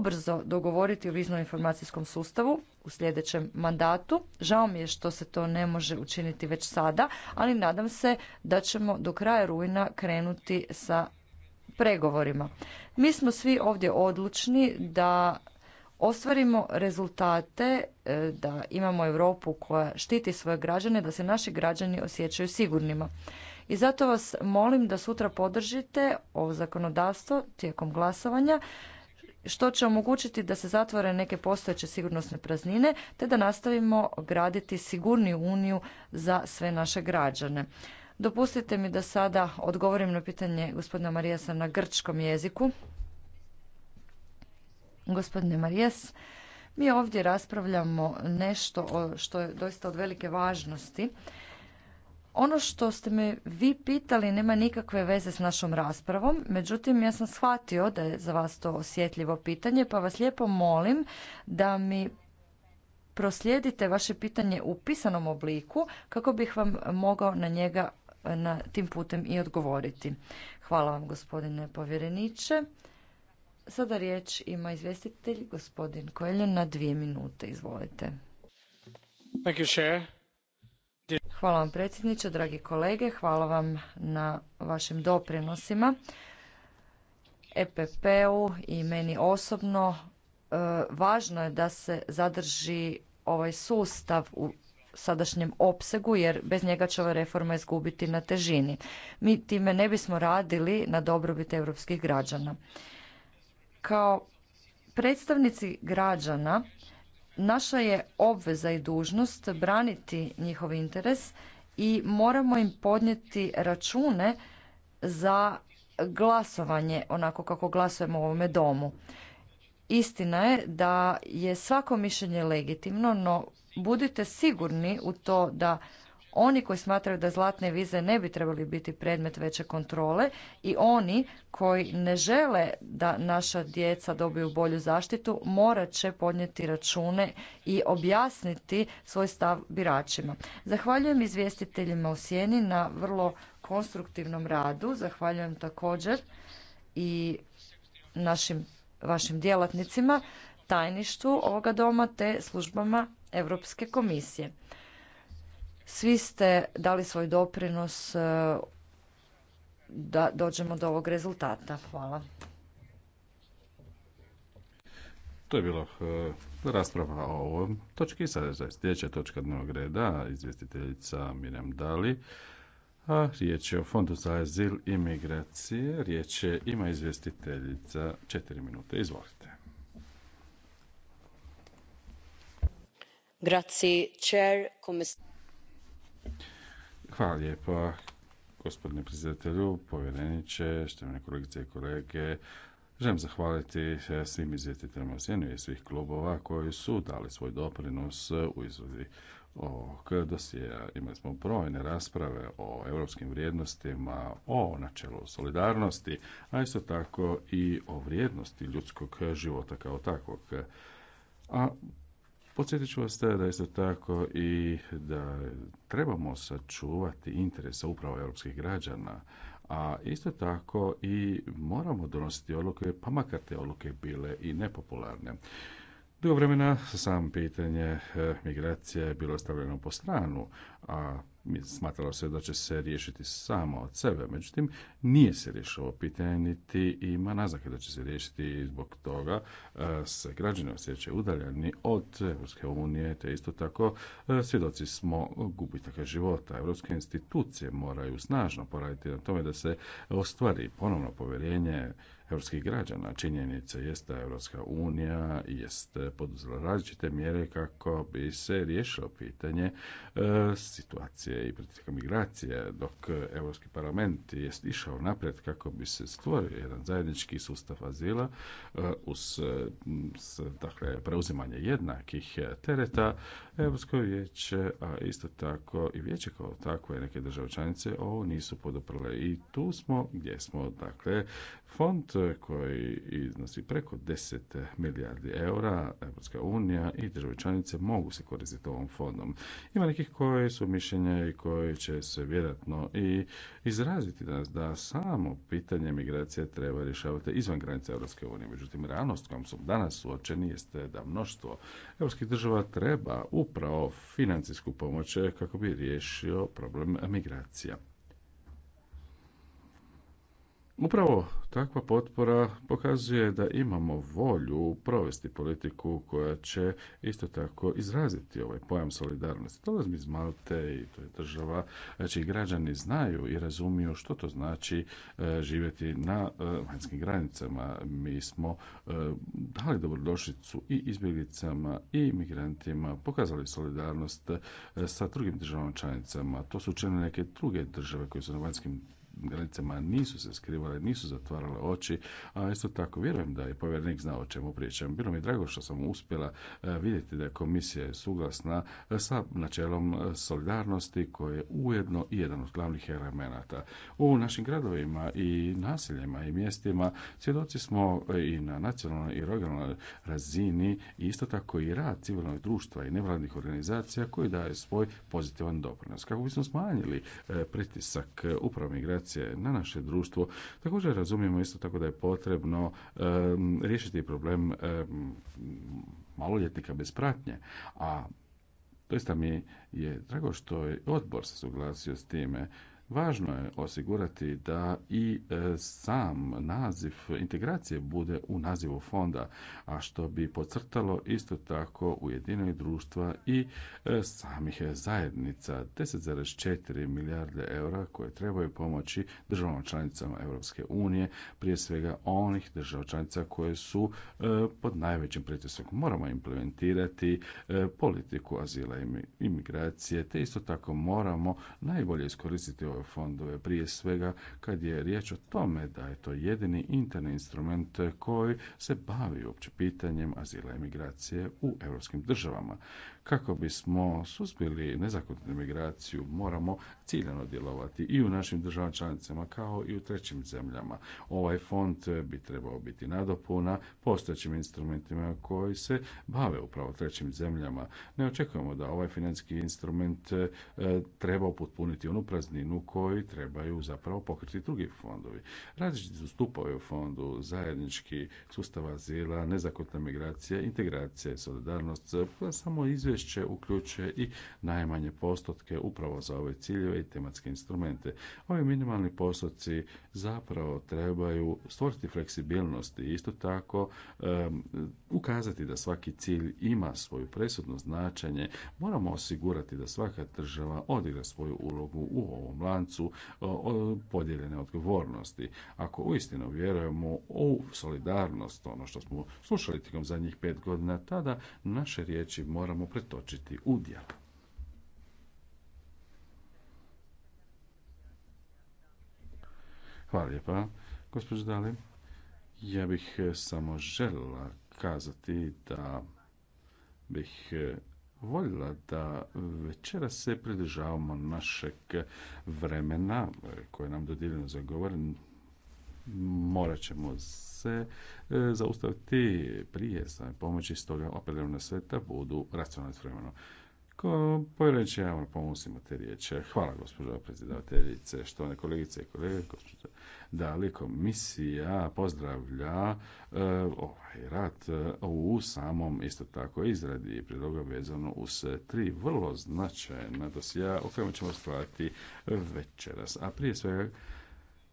brzo dogovoriti o viznom informacijskom sustavu u sljedećem mandatu. Žao mi je što se to ne može učiniti već sada, ali nadam se da ćemo do kraja rujna krenuti sa pregovorima. Mi smo svi ovdje odlučni da ostvarimo rezultate, e, da imamo Europu koja štiti svoje građane, da se naši građani osjećaju sigurnima. I zato vas molim da sutra podržite ovo zakonodavstvo tijekom glasovanja što će omogućiti da se zatvore neke postojeće sigurnosne praznine te da nastavimo graditi sigurniju uniju za sve naše građane. Dopustite mi da sada odgovorim na pitanje gospodina Marijasa na grčkom jeziku. Gospodine Marijes, mi ovdje raspravljamo nešto što je doista od velike važnosti ono što ste me vi pitali nema nikakve veze s našom raspravom, međutim ja sam shvatio da je za vas to osjetljivo pitanje, pa vas lijepo molim da mi proslijedite vaše pitanje u pisanom obliku kako bih vam mogao na njega na tim putem i odgovoriti. Hvala vam gospodine povjereniče. Sada riječ ima izvjestitelj gospodin Koeljen na dvije minute. Izvolite. Hvala vam predsjedniče, dragi kolege, hvala vam na vašim doprinosima. EPP-u i meni osobno e, važno je da se zadrži ovaj sustav u sadašnjem opsegu jer bez njega će ova reforma izgubiti na težini. Mi time ne bismo radili na dobrobit europskih građana. Kao predstavnici građana Naša je obveza i dužnost braniti njihov interes i moramo im podnijeti račune za glasovanje onako kako glasujemo u ovome domu. Istina je da je svako mišljenje legitimno, no budite sigurni u to da oni koji smatraju da zlatne vize ne bi trebali biti predmet veće kontrole i oni koji ne žele da naša djeca dobiju bolju zaštitu morat će podnijeti račune i objasniti svoj stav biračima. Zahvaljujem izvjestiteljima u sjeni na vrlo konstruktivnom radu. Zahvaljujem također i našim vašim djelatnicima, tajništvu ovoga doma te službama Europske komisije. Svi ste dali svoj doprinos e, da dođemo do ovog rezultata. Hvala. To je bilo e, rasprava o ovom točki. Sada je sljedeća točka dnevnog reda, izvjestiteljica Mirjam Dali. A riječ je o Fondu za azil i migracije. Riječ je, ima izvjestiteljica, četiri minute. Izvolite. Grazie, chair, Hvala lijepa, gospodine predsjedatelju, povjereniče, štovane kolegice i kolege. Želim zahvaliti svim izvjetiteljima u svih klubova koji su dali svoj doprinos u izradi ovog dosjea. Imali smo brojne rasprave o europskim vrijednostima, o načelu solidarnosti, a isto tako i o vrijednosti ljudskog života kao takvog. A Podsjetit ću vas da isto tako i da trebamo sačuvati interese upravo europskih građana, a isto tako i moramo donositi odluke, pa makar te odluke bile i nepopularne. Dugo vremena sam pitanje e, migracije je bilo stavljeno po stranu, a smatralo se da će se riješiti samo od sebe. Međutim, nije se riješilo pitanje, niti ima naznake da će se riješiti i zbog toga e, se građani osjećaju udaljeni od Europske unije, te isto tako e, svjedoci smo gubitaka života. Europske institucije moraju snažno poraditi na tome da se ostvari ponovno povjerenje europskih građana. Činjenica jest da Europska unija jest poduzela različite mjere kako bi se riješilo pitanje e, situacije i politika migracije, dok Europski parlament je išao naprijed kako bi se stvorio jedan zajednički sustav azila e, uz dakle, preuzimanje jednakih tereta, Europsko vijeće, a isto tako i vijeće kao takvo neke države članice ovo nisu poduprle i tu smo gdje smo dakle Fond e, koji iznosi preko 10 milijardi eura, Europska unija i države članice mogu se koristiti ovom fondom. Ima nekih koji su mišljenja i koji će se vjerojatno i izraziti danas da samo pitanje migracije treba rješavati izvan granica Europske unije. Međutim, realnost kojom smo danas suočeni jeste da mnoštvo europskih država treba upravo financijsku pomoć kako bi riješio problem migracija. Upravo takva potpora pokazuje da imamo volju provesti politiku koja će isto tako izraziti ovaj pojam solidarnosti. Dolazim iz Malte i to je država, znači građani znaju i razumiju što to znači e, živjeti na e, vanjskim granicama. Mi smo e, dali dobrodošlicu i izbjeglicama i migrantima, pokazali solidarnost sa drugim državama članicama. To su učinile neke druge države koje su na vanjskim granicama nisu se skrivale, nisu zatvarale oči, a isto tako vjerujem da je povjerenik znao o čemu pričam. Bilo mi drago što sam uspjela e, vidjeti da je komisija suglasna e, sa načelom e, solidarnosti koje je ujedno i jedan od glavnih elemenata. U našim gradovima i naseljima i mjestima svjedoci smo i na nacionalnoj i regionalnoj razini i isto tako i rad civilnog društva i nevladnih organizacija koji daje svoj pozitivan doprinos. Kako bismo smanjili pritisak upravo migracije na naše društvo. Također razumijemo isto tako da je potrebno riješiti problem maloljetnika bez pratnje, a doista mi je drago što je odbor se suglasio s time Važno je osigurati da i e, sam naziv integracije bude u nazivu fonda, a što bi podcrtalo isto tako ujedinoj društva i e, samih zajednica 10,4 milijarde eura koje trebaju pomoći državama članicama Europske unije, prije svega onih država članica koje su e, pod najvećim pritiskom. Moramo implementirati politiku azila i imigracije, te isto tako moramo najbolje iskoristiti ovaj fondove prije svega kad je riječ o tome da je to jedini interni instrument koji se bavi uopće pitanjem azila i migracije u europskim državama. Kako bismo suzbili nezakonitu migraciju, moramo ciljano djelovati i u našim državama članicama kao i u trećim zemljama. Ovaj fond bi trebao biti nadopuna postojećim instrumentima koji se bave upravo trećim zemljama. Ne očekujemo da ovaj financijski instrument e, treba potpuniti onu prazninu koju trebaju zapravo pokriti drugi fondovi. Različiti su stupovi u fondu, zajednički sustav azila, nezakonita migracija, integracija i solidarnost, pa samo iz izvješće uključuje i najmanje postotke upravo za ove ciljeve i tematske instrumente. Ovi minimalni postotci zapravo trebaju stvoriti fleksibilnost i isto tako ukazati da svaki cilj ima svoju presudno značenje. Moramo osigurati da svaka država odigra svoju ulogu u ovom lancu podijeljene odgovornosti. Ako uistinu vjerujemo u solidarnost, ono što smo slušali tijekom zadnjih pet godina, tada naše riječi moramo točiti u Hvala lijepa, gospođo Dali. Ja bih e, samo željela kazati da bih e, voljela da večera se pridržavamo našeg vremena e, koje nam dodijeljeno za govor morat ćemo se e, zaustaviti prije same pomoći, stoga apeliram na sve da budu racionalni vremena. ja vam pomusim te riječi. Hvala, gospođo predsjedavateljice, štovane kolegice i kolege, gospođo da li komisija pozdravlja e, ovaj rad e, u samom isto tako izradi prijedloga vezano uz tri vrlo značajna dosija o kojima ćemo stvarati večeras. A prije svega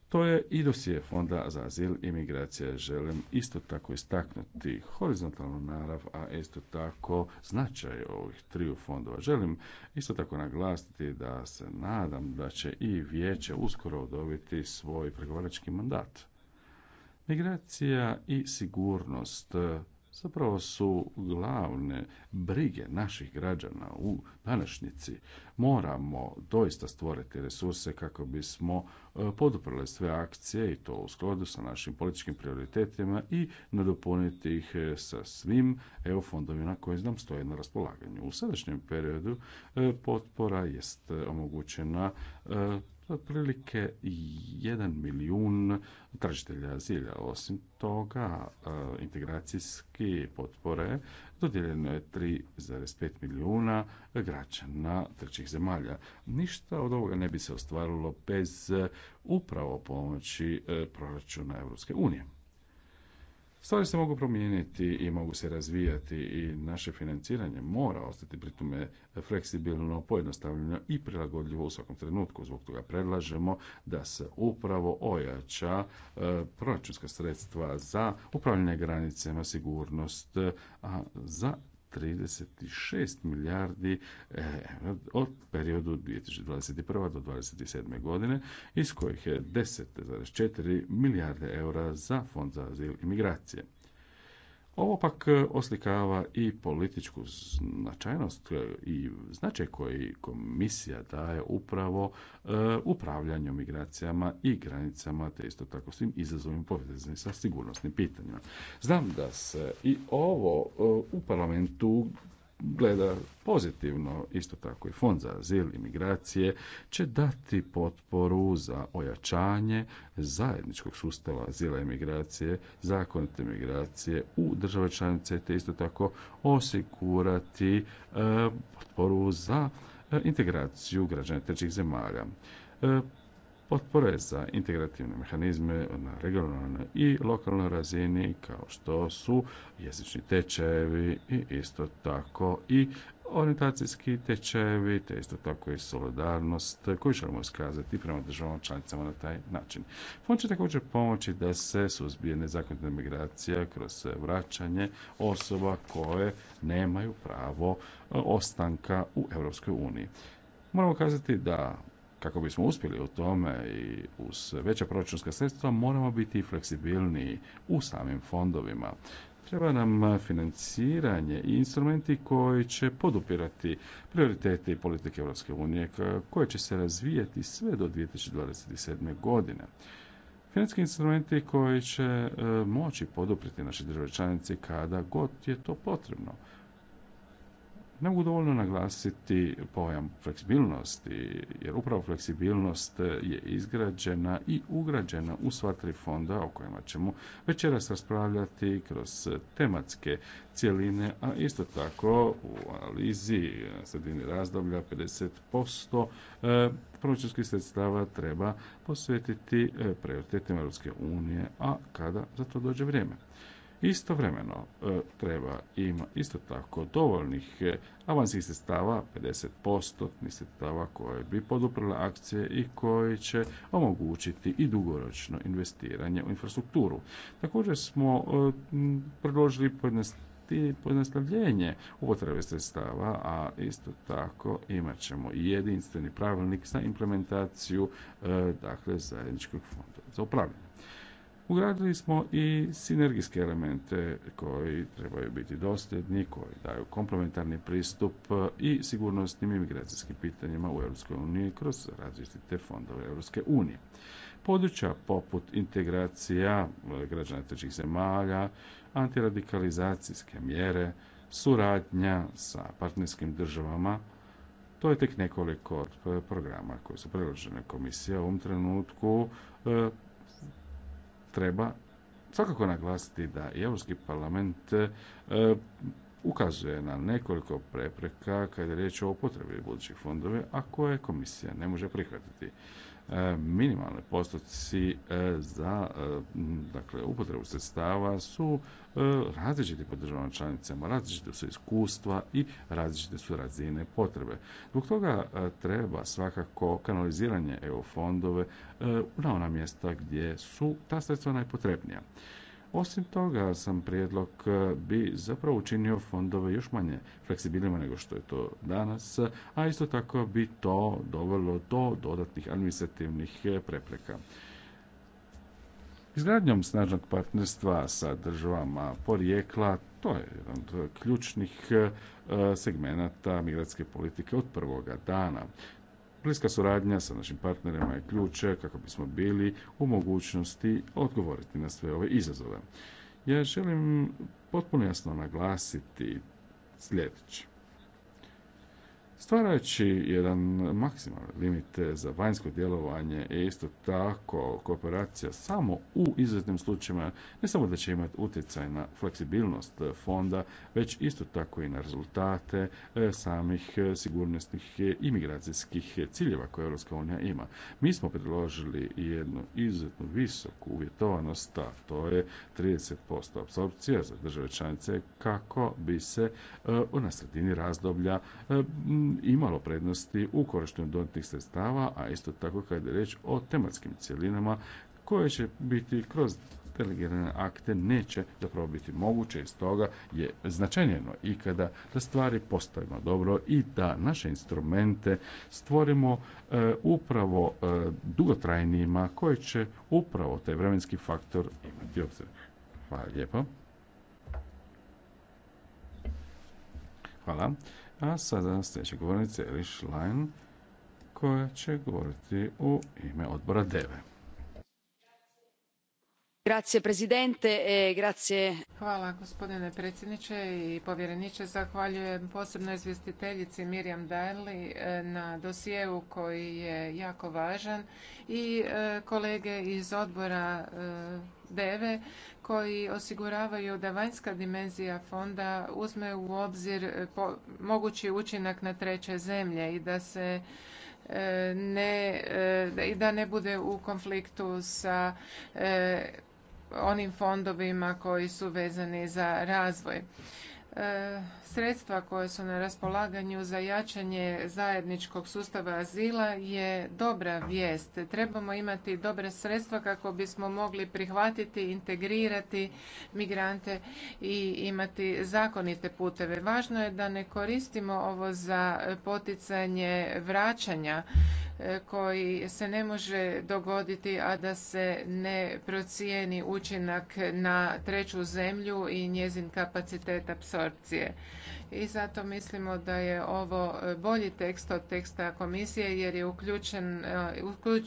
to je i dosije Fonda za azil i migracije. Želim isto tako istaknuti horizontalnu narav, a isto tako značaj ovih triju fondova. Želim isto tako naglasiti da se nadam da će i vijeće uskoro dobiti svoj pregovarački mandat. Migracija i sigurnost zapravo su glavne brige naših građana u današnjici. Moramo doista stvoriti resurse kako bismo e, poduprli sve akcije i to u skladu sa našim političkim prioritetima i nadopuniti ih e, sa svim EU fondovima koji nam stoje na raspolaganju. U sadašnjem periodu e, potpora jest omogućena otprilike 1 milijun tražitelja azila Osim toga, e, integracijske potpore dodijeljeno je 3,5 milijuna građana trećih zemalja. Ništa od ovoga ne bi se ostvarilo bez e, upravo pomoći e, proračuna Europske unije. Stvari se mogu promijeniti i mogu se razvijati i naše financiranje mora ostati pritome fleksibilno, pojednostavljeno i prilagodljivo u svakom trenutku. Zbog toga predlažemo da se upravo ojača e, proračunska sredstva za upravljanje granicama, sigurnost, a za 36 milijardi eura od periodu 2021. do 2027. godine, iz kojih je 10,4 milijarde eura za Fond za azil i migracije. Ovo pak e, oslikava i političku značajnost e, i značaj koji komisija daje upravo e, upravljanju migracijama i granicama, te isto tako svim izazovima povezanim sa sigurnosnim pitanjima. Znam da se i ovo u parlamentu gleda pozitivno, isto tako i Fond za azil i migracije će dati potporu za ojačanje zajedničkog sustava azila i migracije, zakonite migracije u države članice, te isto tako osigurati e, potporu za e, integraciju građana trećih zemalja. E, potpore za integrativne mehanizme na regionalnoj i lokalnoj razini kao što su jezični tečajevi i isto tako i orientacijski tečajevi, te isto tako i solidarnost koju želimo iskazati prema državama članicama na taj način. Fond će također pomoći da se suzbije nezakonita migracija kroz vraćanje osoba koje nemaju pravo ostanka u Europskoj uniji. Moramo kazati da kako bismo uspjeli u tome i uz veća proračunska sredstva moramo biti fleksibilniji u samim fondovima. Treba nam financiranje i instrumenti koji će podupirati prioritete i politike Europske unije koje će se razvijati sve do 2027. godine. Financijski instrumenti koji će e, moći poduprijeti naše države članice kada god je to potrebno. Ne mogu dovoljno naglasiti pojam fleksibilnosti, jer upravo fleksibilnost je izgrađena i ugrađena u sva tri fonda o kojima ćemo večeras raspravljati kroz tematske cijeline, a isto tako u analizi sredini razdoblja 50% e, proračunskih sredstava treba posvetiti e, prioritetima Europske unije, a kada za to dođe vrijeme. Istovremeno e, treba ima isto tako dovoljnih e, avansnih sredstava, 50% sredstava koje bi poduprle akcije i koje će omogućiti i dugoročno investiranje u infrastrukturu. Također smo e, predložili pojednostavljenje upotrebe sredstava, a isto tako imat ćemo i jedinstveni pravilnik za implementaciju dakle, zajedničkog fonda za upravljanje. Ugradili smo i sinergijske elemente koji trebaju biti dosljedni, koji daju komplementarni pristup i sigurnosnim imigracijskim pitanjima u EU kroz različite fondove EU. Područja poput integracija građana trećih zemalja, antiradikalizacijske mjere, suradnja sa partnerskim državama, to je tek nekoliko od programa koje su predložene komisije u ovom trenutku treba svakako naglasiti da i Europski parlament e, ukazuje na nekoliko prepreka kada je riječ o upotrebi budućih fondove, a koje komisija ne može prihvatiti. E, minimalni postoci e, za e, dakle, upotrebu sredstava su različiti po državama članicama, različite su iskustva i različite su razine potrebe. Zbog toga treba svakako kanaliziranje EU fondove na ona mjesta gdje su ta sredstva najpotrebnija. Osim toga, sam prijedlog e, bi zapravo učinio fondove još manje fleksibilnim nego što je to danas, a isto tako bi to dovelo do dodatnih administrativnih e, prepreka. Izgradnjom snažnog partnerstva sa državama porijekla, to je jedan od ključnih e, segmenata migratske politike od prvoga dana. Bliska suradnja sa našim partnerima je ključ kako bismo bili u mogućnosti odgovoriti na sve ove izazove. Ja želim potpuno jasno naglasiti sljedeće stvarajući jedan maksimalni limit za vanjsko djelovanje i isto tako kooperacija samo u izuzetnim slučajevima ne samo da će imati utjecaj na fleksibilnost fonda, već isto tako i na rezultate e, samih e, sigurnosnih i ciljeva koje Europska unija ima. Mi smo predložili jednu izuzetno visoku uvjetovanost, a to je 30% apsorpcija za države članice kako bi se e, na sredini razdoblja imalo prednosti u korištenju dodatnih sredstava, a isto tako kad je reč o tematskim cjelinama koje će biti kroz delegirane akte neće zapravo biti moguće i stoga je značajnjeno i kada da stvari postavimo dobro i da naše instrumente stvorimo e, upravo e, dugotrajnijima koji će upravo taj vremenski faktor imati obzir. Hvala lijepo. Hvala. A sada sljedeća govornica Eliš Lajn koja će govoriti u ime odbora DEVE. E Hvala gospodine predsjedniče i povjereniče. Zahvaljujem posebno izvjestiteljici Mirjam Dalli e, na dosjeu koji je jako važan i e, kolege iz odbora deve koji osiguravaju da vanjska dimenzija fonda uzme u obzir mogući učinak na treće zemlje i da se ne i da ne bude u konfliktu sa onim fondovima koji su vezani za razvoj. E, sredstva koje su na raspolaganju za jačanje zajedničkog sustava azila je dobra vijest. Trebamo imati dobre sredstva kako bismo mogli prihvatiti, integrirati migrante i imati zakonite puteve. Važno je da ne koristimo ovo za poticanje vraćanja e, koji se ne može dogoditi, a da se ne procijeni učinak na treću zemlju i njezin kapacitet apsorpcije apsorpcije. I zato mislimo da je ovo e, bolji tekst od teksta komisije jer je uključen, e,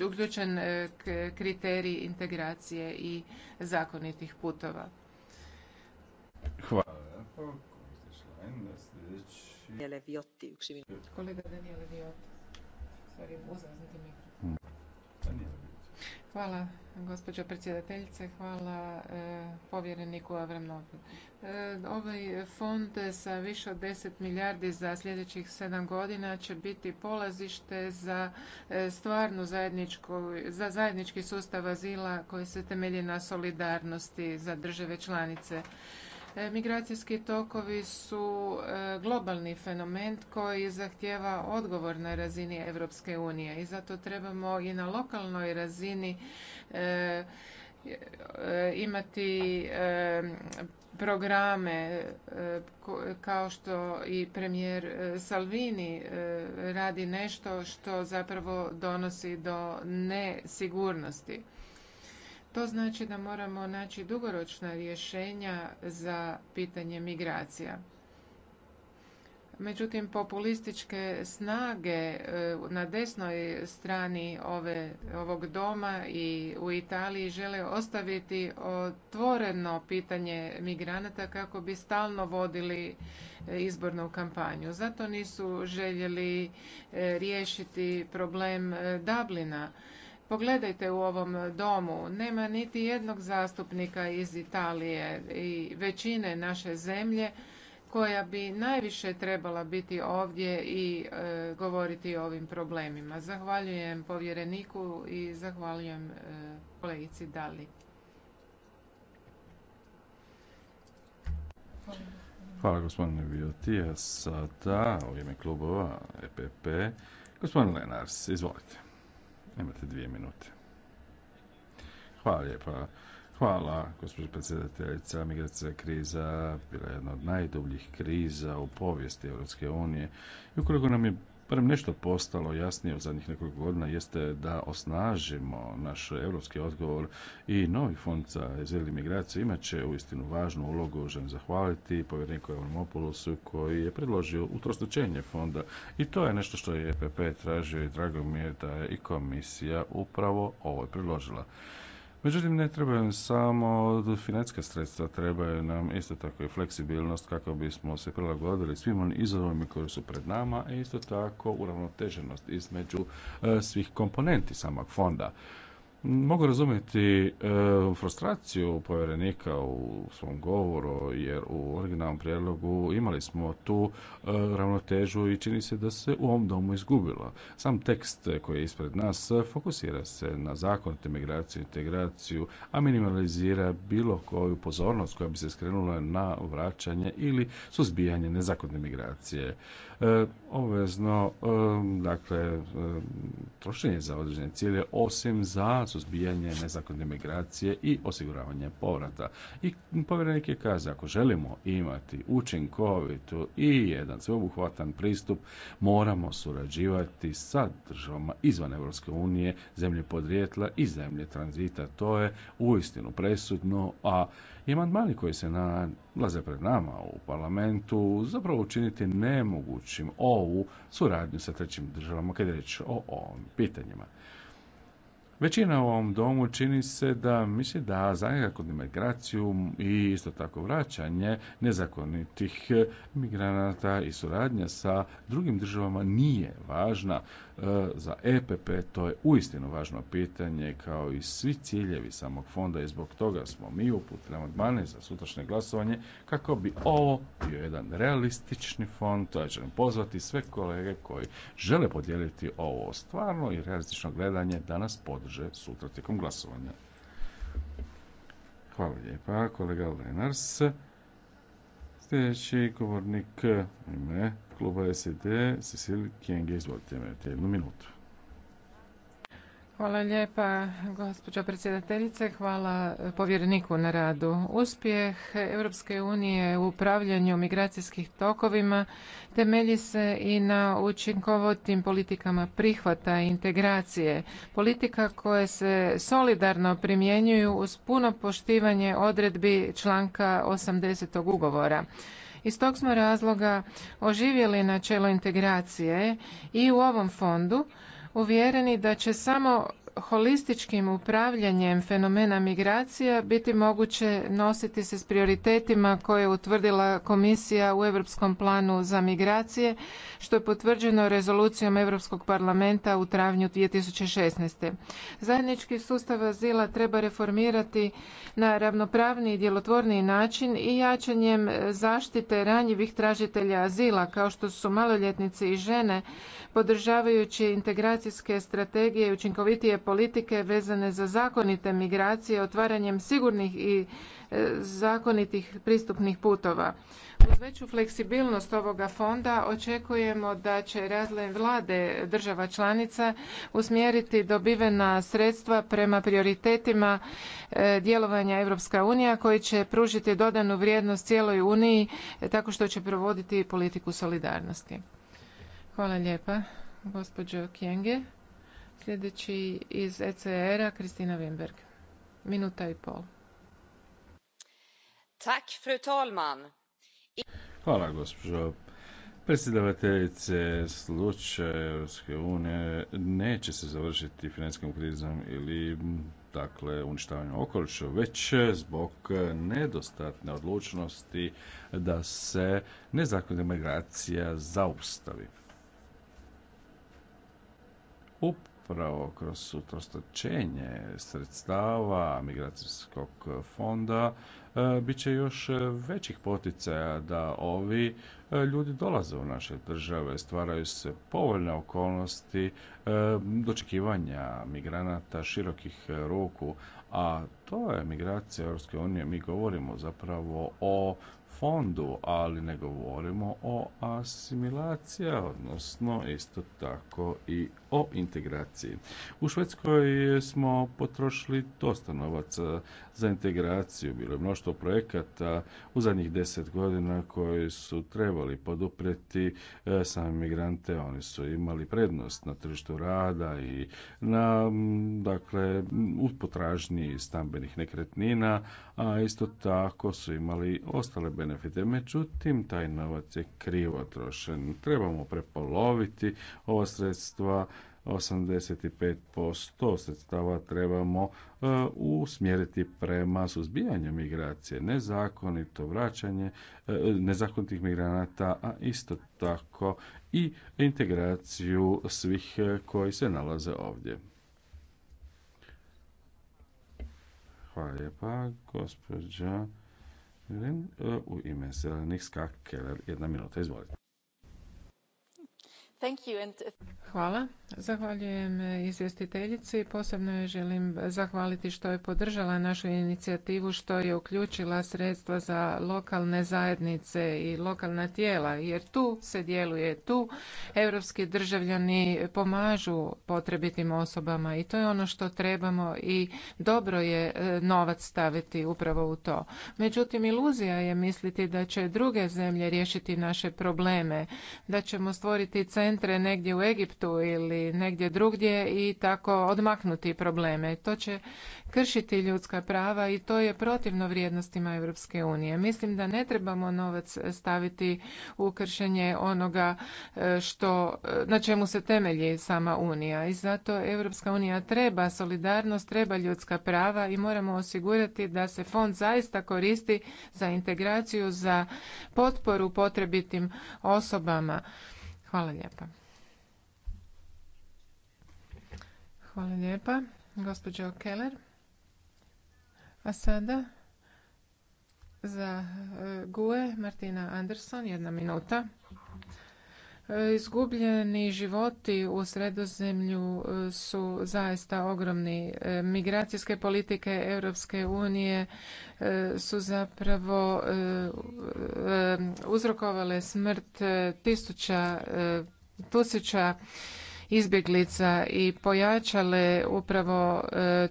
uključen e, kriterij integracije i zakonitih putova. Hvala. Hvala gospođo predsjedateljice, hvala e, povjereniku Avramnovu. E, ovaj fond sa više od 10 milijardi za sljedećih 7 godina će biti polazište za e, stvarnu zajedničku, za zajednički sustav azila koji se temelji na solidarnosti za države članice. E, migracijski tokovi su e, globalni fenomen koji zahtjeva odgovor na razini Europske unije i zato trebamo i na lokalnoj razini e, imati programe kao što i premijer Salvini radi nešto što zapravo donosi do nesigurnosti. To znači da moramo naći dugoročna rješenja za pitanje migracija. Međutim, populističke snage e, na desnoj strani ove, ovog doma i u Italiji žele ostaviti otvoreno pitanje migranata kako bi stalno vodili e, izbornu kampanju. Zato nisu željeli e, riješiti problem Dublina Pogledajte u ovom domu, nema niti jednog zastupnika iz Italije i većine naše zemlje koja bi najviše trebala biti ovdje i e, govoriti o ovim problemima. Zahvaljujem povjereniku i zahvaljujem e, kolegici Dali. Hvala gospodine Vioti. Sada u ime klubova EPP gospodin Lenars, izvolite. Imate dvije minute. Hvala lijepa. Hvala, gospođo predsjedateljica. migracija kriza bila je jedna od najdubljih kriza u povijesti Europske unije. I ukoliko nam je barem nešto postalo jasnije u zadnjih nekoliko godina jeste da osnažimo naš europski odgovor i novi fond za azil migraciju imat će uistinu važnu ulogu. Želim zahvaliti povjereniku Evromopolosu koji je predložio utrostručenje fonda i to je nešto što je EPP tražio i drago mi je da je i komisija upravo ovo predložila. Međutim, ne trebaju nam samo financijska sredstva, trebaju nam isto tako i fleksibilnost kako bismo se prilagodili svim onim izazovima koji su pred nama, a isto tako uravnoteženost između e, svih komponenti samog fonda. Mogu razumjeti e, frustraciju povjerenika u svom govoru, jer u originalnom prijedlogu imali smo tu e, ravnotežu i čini se da se u ovom domu izgubilo. Sam tekst koji je ispred nas fokusira se na zakonitu migraciju i integraciju, a minimalizira bilo koju pozornost koja bi se skrenula na vraćanje ili suzbijanje nezakonite migracije. E, obvezno, e, dakle, trošenje za određene cilje, osim za suzbijanje nezakonite migracije i osiguravanje povrata. I povjerenik je kazao, ako želimo imati učinkovitu i jedan sveobuhvatan pristup, moramo surađivati sa državama izvan Europske unije, zemlje podrijetla i zemlje tranzita. To je uistinu presudno, a i mali koji se nalaze pred nama u parlamentu zapravo učiniti nemogućim ovu suradnju sa trećim državama kada je riječ o ovim pitanjima. Većina u ovom domu čini se da misli da kod imigraciju i isto tako vraćanje nezakonitih e, migranata i suradnja sa drugim državama nije važna. E, za EPP to je uistinu važno pitanje kao i svi ciljevi samog fonda i zbog toga smo mi uputili amandmane za sutrašnje glasovanje kako bi ovo bio jedan realistični fond, to ja pozvati sve kolege koji žele podijeliti ovo stvarno i realistično gledanje danas pod drže sutra tijekom glasovanja. Hvala lijepa, kolega Lenars. Sljedeći govornik ime kluba SED, Cecil Kenge, izvolite imate jednu minutu. Hvala lijepa gospođo predsjedateljice, hvala eh, povjereniku na radu. Uspjeh Europske unije u upravljanju migracijskih tokovima temelji se i na učinkovitim politikama prihvata i integracije, politika koje se solidarno primjenjuju uz puno poštivanje odredbi članka 80. ugovora. Iz tog smo razloga oživjeli načelo integracije i u ovom fondu, uvjereni da će samo holističkim upravljanjem fenomena migracija biti moguće nositi se s prioritetima koje je utvrdila komisija u europskom planu za migracije što je potvrđeno rezolucijom europskog parlamenta u travnju 2016. Zajednički sustav azila treba reformirati na ravnopravni i djelotvorniji način i jačanjem zaštite ranjivih tražitelja azila kao što su maloljetnici i žene podržavajući integracijske strategije i učinkovitije politike vezane za zakonite migracije otvaranjem sigurnih i e, zakonitih pristupnih putova. Uz veću fleksibilnost ovoga fonda očekujemo da će razne vlade država članica usmjeriti dobivena sredstva prema prioritetima e, djelovanja Europska unija koji će pružiti dodanu vrijednost cijeloj Uniji e, tako što će provoditi politiku solidarnosti. Hvala lijepa, gospođo Kjenge. Sljedeći iz ECR-a, Kristina Wimberg. Minuta i pol. Tak, fru talman. Hvala, gospođo predsjedavateljice slučaj Europske neće se završiti financijskom krizom ili dakle uništavanjem okoliša, već zbog nedostatne odlučnosti da se nezakonita migracija zaustavi. U zapravo kroz utrostočenje sredstava migracijskog fonda e, bit će još većih poticaja da ovi e, ljudi dolaze u naše države, stvaraju se povoljne okolnosti e, dočekivanja migranata širokih ruku, a to je migracija Europske unije. Mi govorimo zapravo o fondu, ali ne govorimo o asimilaciji, odnosno isto tako i o integraciji. U Švedskoj smo potrošili dosta novaca za integraciju, bilo je mnoštvo projekata u zadnjih deset godina koji su trebali podupreti e, same migrante, oni su imali prednost na tržištu rada i na dakle u potražnji stambenih nekretnina, a isto tako su imali ostale benefite. Međutim, taj novac je krivo trošen. Trebamo prepoloviti ova sredstva 85% sredstava trebamo e, usmjeriti prema suzbijanju migracije, nezakonito vraćanje e, nezakonitih migranata, a isto tako i integraciju svih e, koji se nalaze ovdje. Hvala lijepa, gospođa u ime zelenih skak Jedna minuta, izvolite. Uh, Hvala. Zahvaljujem e, izvjestiteljici. Posebno joj želim zahvaliti što je podržala našu inicijativu, što je uključila sredstva za lokalne zajednice i lokalna tijela, jer tu se djeluje, tu europski državljani pomažu potrebitim osobama i to je ono što trebamo i dobro je e, novac staviti upravo u to. Međutim, iluzija je misliti da će druge zemlje riješiti naše probleme, da ćemo stvoriti centrum centre negdje u Egiptu ili negdje drugdje i tako odmaknuti probleme. To će kršiti ljudska prava i to je protivno vrijednostima Europske unije. Mislim da ne trebamo novac staviti u kršenje onoga e, što, e, na čemu se temelji sama unija i zato Europska unija treba solidarnost, treba ljudska prava i moramo osigurati da se fond zaista koristi za integraciju, za potporu potrebitim osobama. Hvala lijepa. Hvala lijepa, gospođo Keller. A sada za e, GUE Martina Anderson, jedna minuta. E, izgubljeni životi u sredozemlju e, su zaista ogromni. E, migracijske politike Europske unije su zapravo uzrokovale smrt tisuća tisuća izbjeglica i pojačale upravo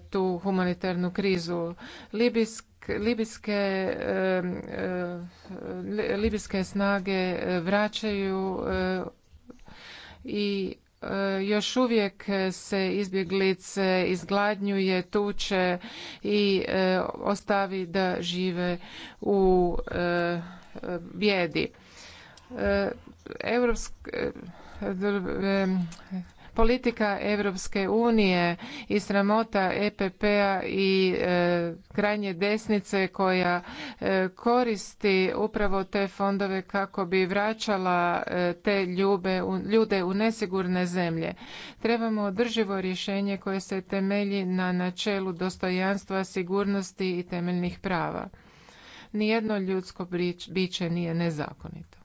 tu humanitarnu krizu. Libijski libijske, libijske snage vraćaju i još uvijek se izbjeglice izgladnjuje, tuče i ostavi da žive u bijedi. Europsk politika Europske unije i sramota EPP-a i e, krajnje desnice koja e, koristi upravo te fondove kako bi vraćala e, te ljude u nesigurne zemlje. Trebamo održivo rješenje koje se temelji na načelu dostojanstva, sigurnosti i temeljnih prava. Nijedno ljudsko biće nije nezakonito.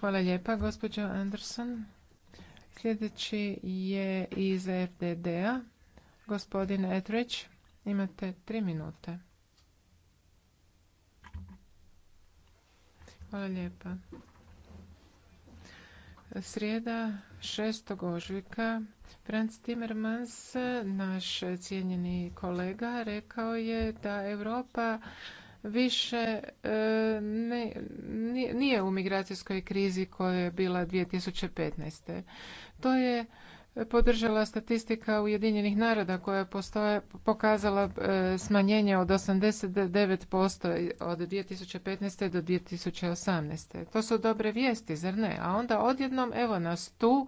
Hvala lijepa, gospođo Anderson. Sljedeći je iz FDD-a. Gospodin Etrić, imate tri minute. Hvala lijepa. Srijeda 6. ožujka Franz Timmermans, naš cijenjeni kolega, rekao je da Europa više e, nije u migracijskoj krizi koja je bila 2015. To je podržala statistika Ujedinjenih naroda koja je pokazala e, smanjenje od 89% od 2015. do 2018. To su dobre vijesti, zar ne? A onda odjednom evo nas tu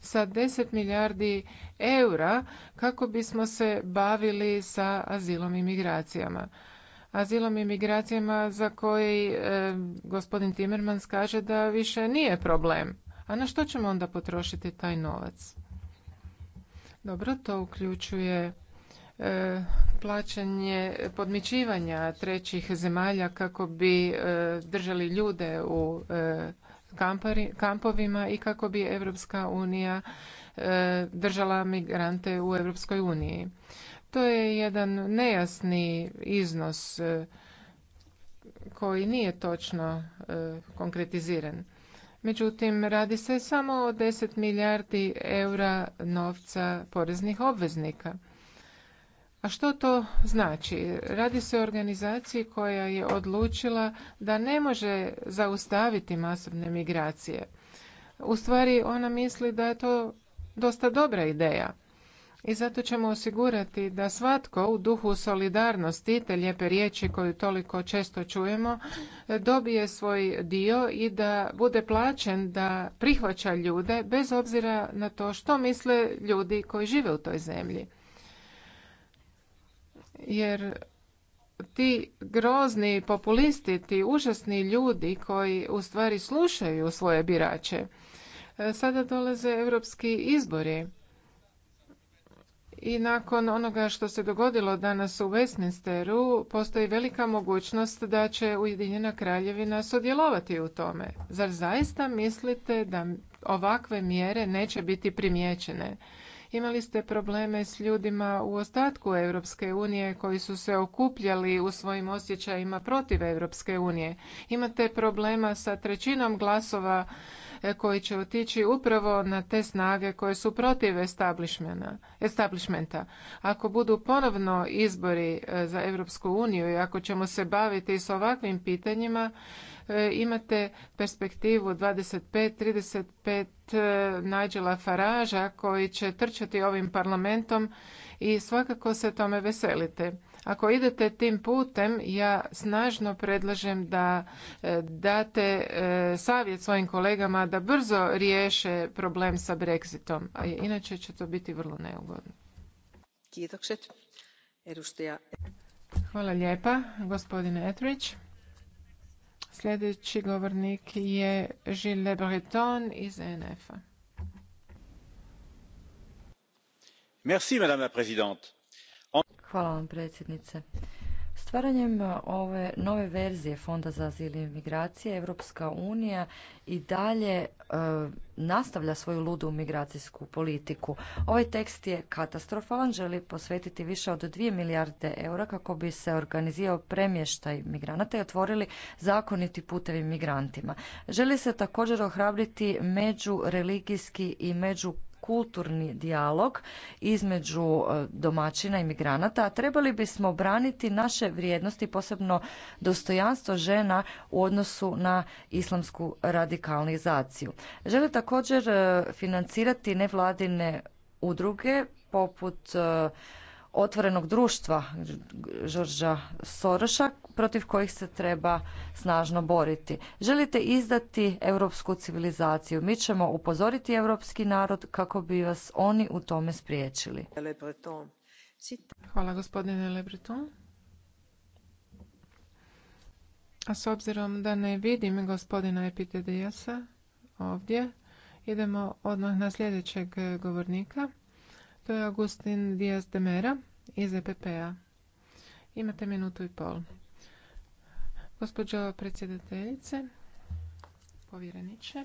sa 10 milijardi eura kako bismo se bavili sa azilom i migracijama azilom i migracijama za koji e, gospodin Timmermans kaže da više nije problem. A na što ćemo onda potrošiti taj novac? Dobro, to uključuje e, plaćanje podmićivanja trećih zemalja kako bi e, držali ljude u kampovima i kako bi Europska unija držala migrante u Europskoj uniji to je jedan nejasni iznos e, koji nije točno e, konkretiziran. Međutim, radi se samo o 10 milijardi eura novca poreznih obveznika. A što to znači? Radi se o organizaciji koja je odlučila da ne može zaustaviti masovne migracije. U stvari ona misli da je to dosta dobra ideja i zato ćemo osigurati da svatko u duhu solidarnosti, te lijepe riječi koju toliko često čujemo, dobije svoj dio i da bude plaćen da prihvaća ljude bez obzira na to što misle ljudi koji žive u toj zemlji. Jer ti grozni populisti, ti užasni ljudi koji u stvari slušaju svoje birače, e, sada dolaze europski izbori i nakon onoga što se dogodilo danas u Westminsteru postoji velika mogućnost da će Ujedinjena kraljevina sudjelovati u tome. Zar zaista mislite da ovakve mjere neće biti primijećene? Imali ste probleme s ljudima u ostatku Europske unije koji su se okupljali u svojim osjećajima protiv Europske unije. Imate problema sa trećinom glasova e, koji će otići upravo na te snage koje su protiv establishmenta. Ako budu ponovno izbori e, za Europsku uniju i ako ćemo se baviti s ovakvim pitanjima, E, imate perspektivu 25, 35 e, Nigela Faraža koji će trčati ovim parlamentom i svakako se tome veselite. Ako idete tim putem, ja snažno predlažem da e, date savjet svojim kolegama da brzo riješe problem sa Brexitom, a inače će to biti vrlo neugodno. Hvala lijepa, gospodine Etrić. Sljedeći govornik je Gilles Le Breton iz nf a Hvala vam, predsjednice. Stvaranjem e, ove nove verzije Fonda za azil i migracije, Europska unija i dalje e, nastavlja svoju ludu migracijsku politiku. Ovaj tekst je katastrofalan, želi posvetiti više od 2 milijarde eura kako bi se organizirao premještaj migranata i otvorili zakoniti putevi migrantima. Želi se također ohrabriti religijski i među kulturni dijalog između e, domaćina i migranata, a trebali bismo braniti naše vrijednosti, posebno dostojanstvo žena u odnosu na islamsku radikalizaciju. Žele također e, financirati nevladine udruge poput e, otvorenog društva Žorža Soroša protiv kojih se treba snažno boriti. Želite izdati europsku civilizaciju. Mi ćemo upozoriti europski narod kako bi vas oni u tome spriječili. Hvala gospodine Breton. A s obzirom da ne vidim gospodina Epitedijasa ovdje, idemo odmah na sljedećeg govornika. To je Agustin Diaz de Mera iz EPP-a. Imate minutu i pol. Gospođo predsjedateljice, povjereniče,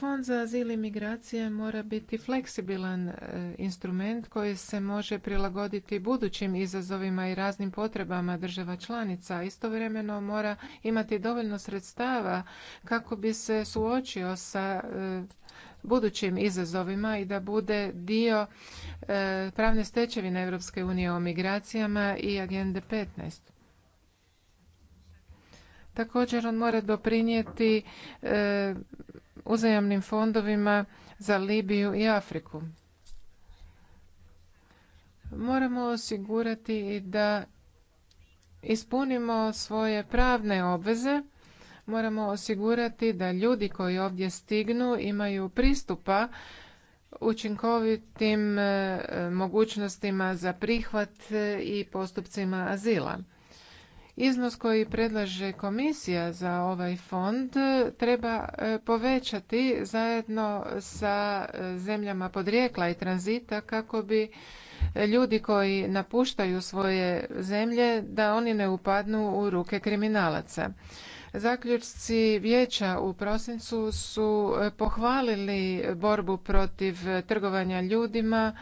Fond za azil i migracije mora biti fleksibilan e, instrument koji se može prilagoditi budućim izazovima i raznim potrebama država članica. Istovremeno mora imati dovoljno sredstava kako bi se suočio sa e, budućim izazovima i da bude dio e, pravne stečevine Europske unije o migracijama i agende 15. Također on mora doprinijeti e, uzajamnim fondovima za Libiju i Afriku. Moramo osigurati i da ispunimo svoje pravne obveze moramo osigurati da ljudi koji ovdje stignu imaju pristupa učinkovitim e, mogućnostima za prihvat i postupcima azila. Iznos koji predlaže komisija za ovaj fond treba e, povećati zajedno sa e, zemljama podrijekla i tranzita kako bi ljudi koji napuštaju svoje zemlje da oni ne upadnu u ruke kriminalaca. Zaključci vijeća u prosincu su e, pohvalili borbu protiv trgovanja ljudima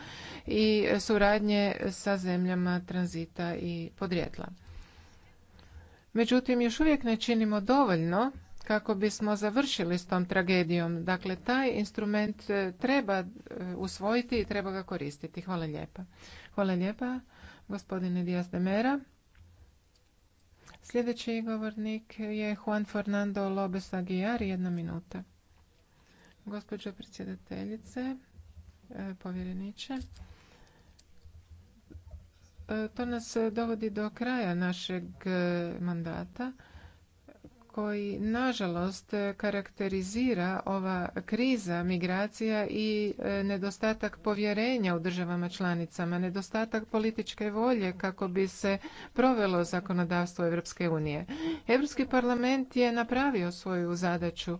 i suradnje sa zemljama tranzita i podrijetla. Međutim, još uvijek ne činimo dovoljno kako bismo završili s tom tragedijom. Dakle, taj instrument e, treba e, usvojiti i treba ga koristiti. Hvala lijepa. Hvala lijepa, gospodine Dias de Mera. Sljedeći govornik je Juan Fernando López Aguiar, jedna minuta. Gospođo predsjedateljice, e, povjereniče, e, to nas dovodi do kraja našeg e, mandata koji nažalost karakterizira ova kriza migracija i e, nedostatak povjerenja u državama članicama, nedostatak političke volje kako bi se provelo zakonodavstvo Europske unije. Europski parlament je napravio svoju zadaću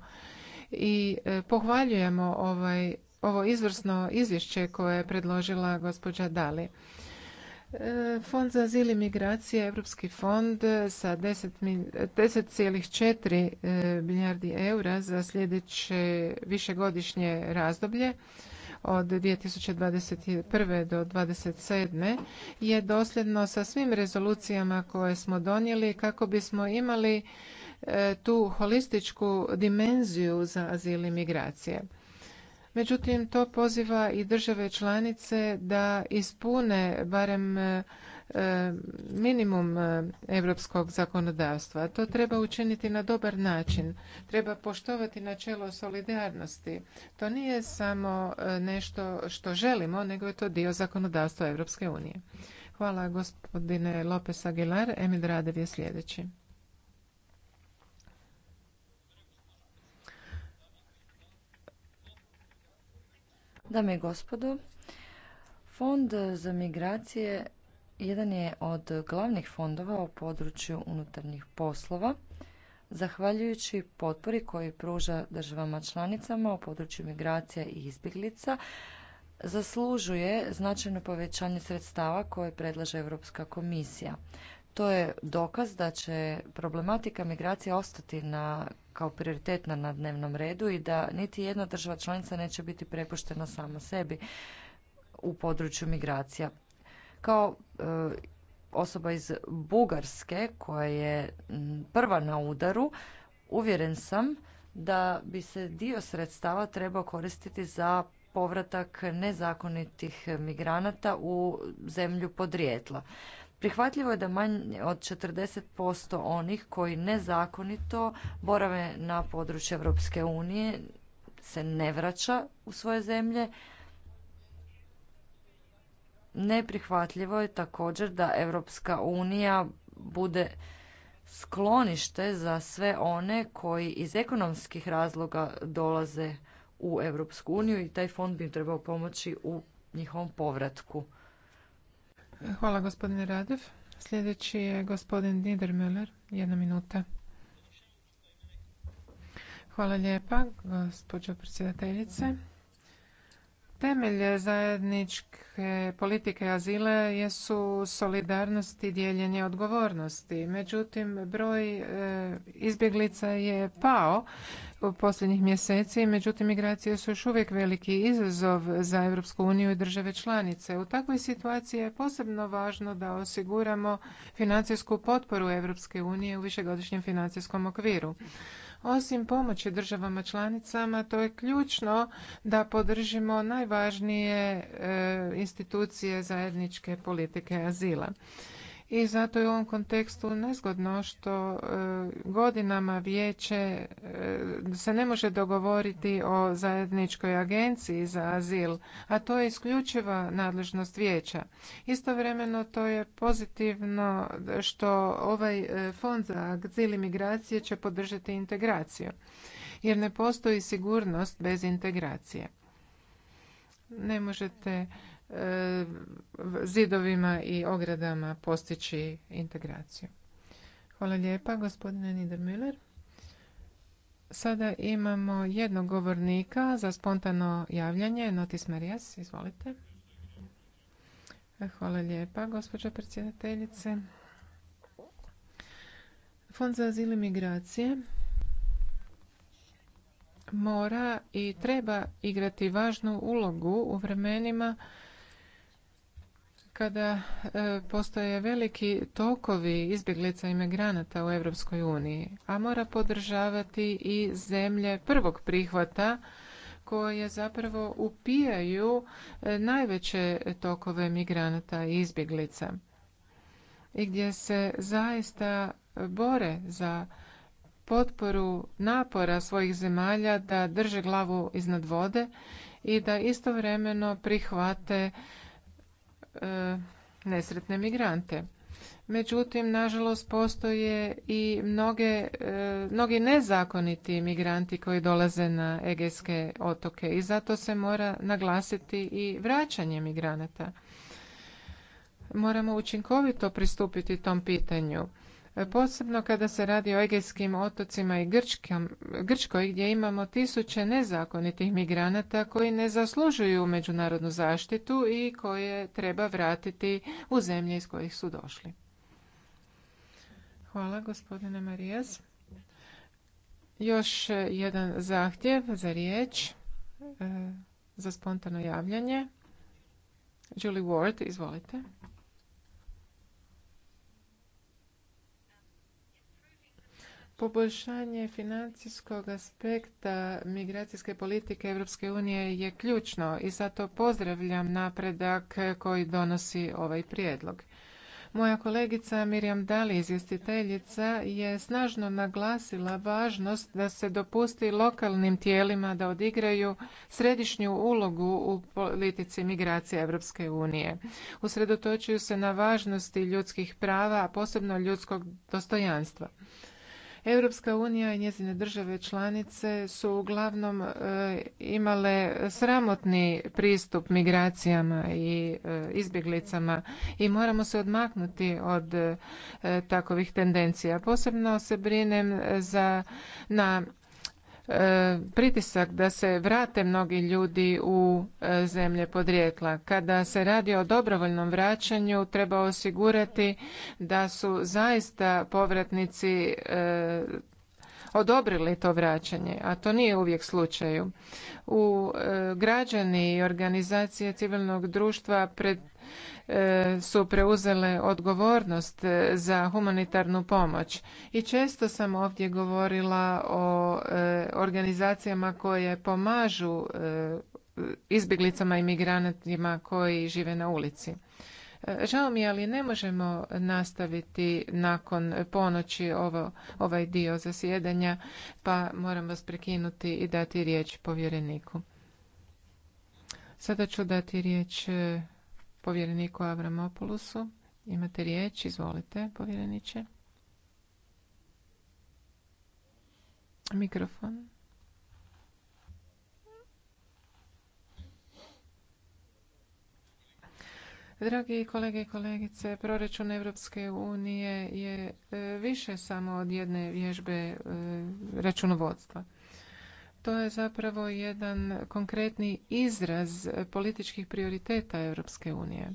i e, pohvaljujemo ovaj ovo izvrsno izvješće koje je predložila gospođa Dali. E, fond za azil i migracije, Europski fond e, sa 10,4 e, milijardi eura za sljedeće višegodišnje razdoblje od 2021. do 2027. je dosljedno sa svim rezolucijama koje smo donijeli kako bismo imali tu holističku dimenziju za azil i migracije. Međutim, to poziva i države članice da ispune barem e, e, minimum europskog zakonodavstva. To treba učiniti na dobar način. Treba poštovati načelo solidarnosti. To nije samo e, nešto što želimo, nego je to dio zakonodavstva Europske unije. Hvala gospodine Lopes Aguilar. Emil Radev je sljedeći. Dame i gospodo, Fond za migracije jedan je od glavnih fondova u području unutarnjih poslova, zahvaljujući potpori koji pruža državama članicama u području migracija i izbjeglica zaslužuje značajno povećanje sredstava koje predlaže Europska komisija. To je dokaz da će problematika migracija ostati na, kao prioritetna na dnevnom redu i da niti jedna država članica neće biti prepuštena sama sebi u području migracija. Kao e, osoba iz Bugarske koja je prva na udaru, uvjeren sam da bi se dio sredstava trebao koristiti za povratak nezakonitih migranata u zemlju podrijetla. Prihvatljivo je da manje od 40% onih koji nezakonito borave na području Europske unije se ne vraća u svoje zemlje. Neprihvatljivo je također da Europska unija bude sklonište za sve one koji iz ekonomskih razloga dolaze u Europsku uniju i taj fond bi im trebao pomoći u njihovom povratku. Hvala gospodine Radev. Sljedeći je gospodin Niedermüller. Jedna minuta. Hvala lijepa, gospođo predsjedateljice. Temelje zajedničke politike azile jesu solidarnost i dijeljenje odgovornosti. Međutim, broj e, izbjeglica je pao posljednjih mjeseci, međutim migracije su još uvijek veliki izazov za Europsku uniju i države članice. U takvoj situaciji je posebno važno da osiguramo financijsku potporu Europske unije u višegodišnjem financijskom okviru. Osim pomoći državama članicama, to je ključno da podržimo najvažnije e, institucije zajedničke politike azila i zato je u ovom kontekstu nezgodno što e, godinama vijeće e, se ne može dogovoriti o zajedničkoj agenciji za azil, a to je isključiva nadležnost vijeća. Istovremeno to je pozitivno što ovaj e, fond za azil i migracije će podržati integraciju, jer ne postoji sigurnost bez integracije. Ne možete E, zidovima i ogradama postići integraciju. Hvala lijepa, gospodine Niedermüller. Sada imamo jednog govornika za spontano javljanje, Notis Marijas, izvolite. Hvala lijepa, gospođa predsjedateljice. Fond za azil i migracije mora i treba igrati važnu ulogu u vremenima kada e, postoje veliki tokovi izbjeglica i migranata u Europskoj uniji, a mora podržavati i zemlje prvog prihvata koje zapravo upijaju e, najveće tokove migranata i izbjeglica i gdje se zaista bore za potporu napora svojih zemalja da drže glavu iznad vode i da istovremeno prihvate E, nesretne migrante. Međutim, nažalost, postoje i mnoge, e, mnogi nezakoniti migranti koji dolaze na Egejske otoke i zato se mora naglasiti i vraćanje migranata. Moramo učinkovito pristupiti tom pitanju posebno kada se radi o Egejskim otocima i Grčkoj gdje imamo tisuće nezakonitih migranata koji ne zaslužuju međunarodnu zaštitu i koje treba vratiti u zemlje iz kojih su došli. Hvala gospodine Marijas. Još jedan zahtjev za riječ, e, za spontano javljanje. Julie Ward, izvolite. Poboljšanje financijskog aspekta migracijske politike Europske unije je ključno i zato pozdravljam napredak koji donosi ovaj prijedlog. Moja kolegica Mirjam Dali, izvjestiteljica, je snažno naglasila važnost da se dopusti lokalnim tijelima da odigraju središnju ulogu u politici migracija Europske unije. Usredotočuju se na važnosti ljudskih prava, a posebno ljudskog dostojanstva. Europska unija i njezine države članice su uglavnom e, imale sramotni pristup migracijama i e, izbjeglicama i moramo se odmaknuti od e, takovih tendencija. Posebno se brinem za na E, pritisak da se vrate mnogi ljudi u e, zemlje podrijetla. Kada se radi o dobrovoljnom vraćanju treba osigurati da su zaista povratnici e, odobrili to vraćanje, a to nije uvijek slučaju. U e, građani i organizacije civilnog društva e, su preuzele odgovornost e, za humanitarnu pomoć. I često sam ovdje govorila o organizacijama koje pomažu izbjeglicama i migrantima koji žive na ulici. Žao mi ali ne možemo nastaviti nakon ponoći ovo, ovaj dio zasjedanja, pa moram vas prekinuti i dati riječ povjereniku. Sada ću dati riječ e, povjereniku Avramopulusu. Imate riječ, izvolite, povjereniče. Mikrofon. Dragi kolege i kolegice, proračun Evropske unije je e, više samo od jedne vježbe e, računovodstva. To je zapravo jedan konkretni izraz političkih prioriteta Evropske unije.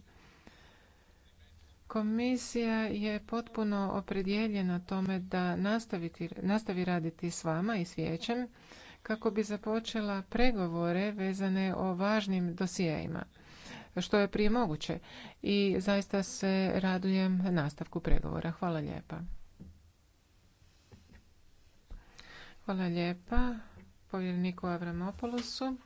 Komisija je potpuno opredjeljena tome da nastavi raditi s vama i s vijećem kako bi započela pregovore vezane o važnim dosijejima što je prije moguće i zaista se radujem nastavku pregovora. Hvala lijepa. Hvala lijepa povjereniku Avramopoulosu.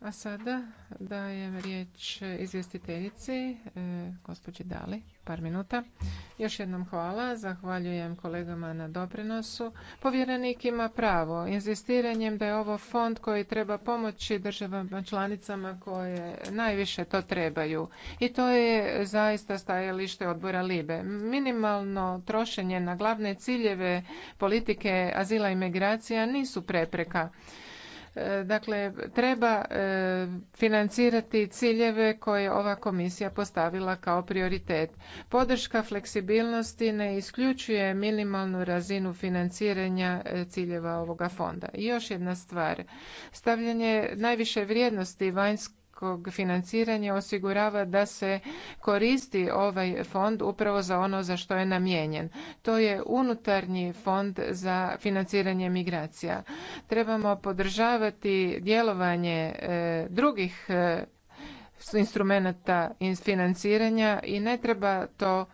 A sada dajem riječ izvjestiteljici, eh, gospođi Dali par minuta. Još jednom hvala, zahvaljujem kolegama na doprinosu. Povjerenik ima pravo inzistiranjem da je ovo fond koji treba pomoći državama članicama koje najviše to trebaju. I to je zaista stajalište odbora Libe. Minimalno trošenje na glavne ciljeve politike azila i migracija nisu prepreka E, dakle, treba e, financirati ciljeve koje ova komisija postavila kao prioritet. Podrška fleksibilnosti ne isključuje minimalnu razinu financiranja e, ciljeva ovoga fonda. I još jedna stvar, stavljanje najviše vrijednosti vanjskog europskog financiranja osigurava da se koristi ovaj fond upravo za ono za što je namijenjen. To je unutarnji fond za financiranje migracija. Trebamo podržavati djelovanje e, drugih e, instrumenata financiranja i ne treba to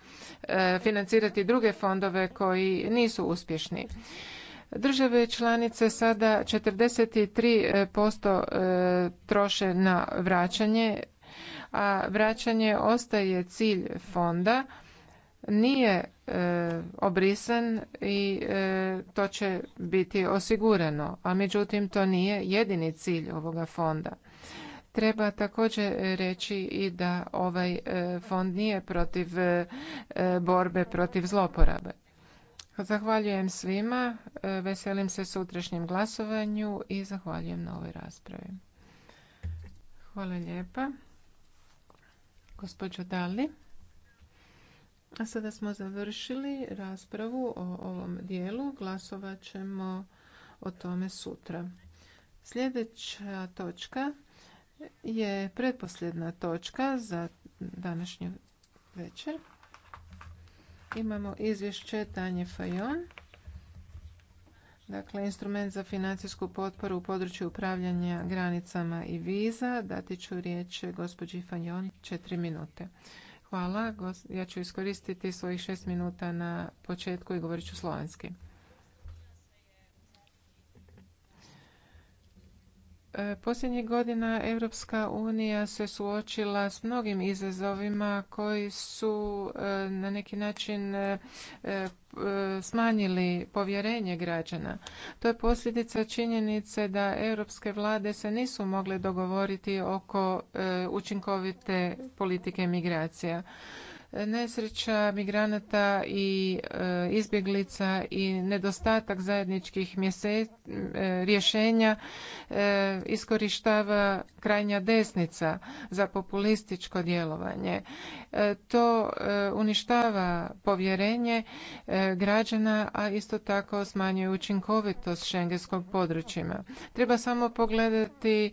e, financirati druge fondove koji nisu uspješni. Države članice sada 43% e, e, troše na vraćanje, a vraćanje ostaje cilj fonda, nije e, obrisan i to će biti osigurano, a međutim to nije jedini cilj ovoga fonda. Treba također reći i da ovaj fond nije protiv borbe protiv zloporabe. Pa zahvaljujem svima, e, veselim se sutrašnjem glasovanju i zahvaljujem na ovoj raspravi. Hvala lijepa. Gospođo Dali. A sada smo završili raspravu o ovom dijelu. Glasovat ćemo o tome sutra. Sljedeća točka je pretposljedna točka za današnju večer. Imamo izvješće Tanje Fajon. Dakle, instrument za financijsku potporu u području upravljanja granicama i viza. Dati ću riječ gospođi Fajon, četiri minute. Hvala, ja ću iskoristiti svojih šest minuta na početku i govorit ću slovenski. E, posljednjih godina Europska unija se suočila s mnogim izazovima koji su e, na neki način e, smanjili povjerenje građana. To je posljedica činjenice da europske vlade se nisu mogle dogovoriti oko učinkovite politike migracija nesreća migranata i e, izbjeglica i nedostatak zajedničkih e, rješenja e, iskorištava krajnja desnica za populističko djelovanje. To uništava povjerenje građana, a isto tako smanjuje učinkovitost šengenskog područjima. Treba samo pogledati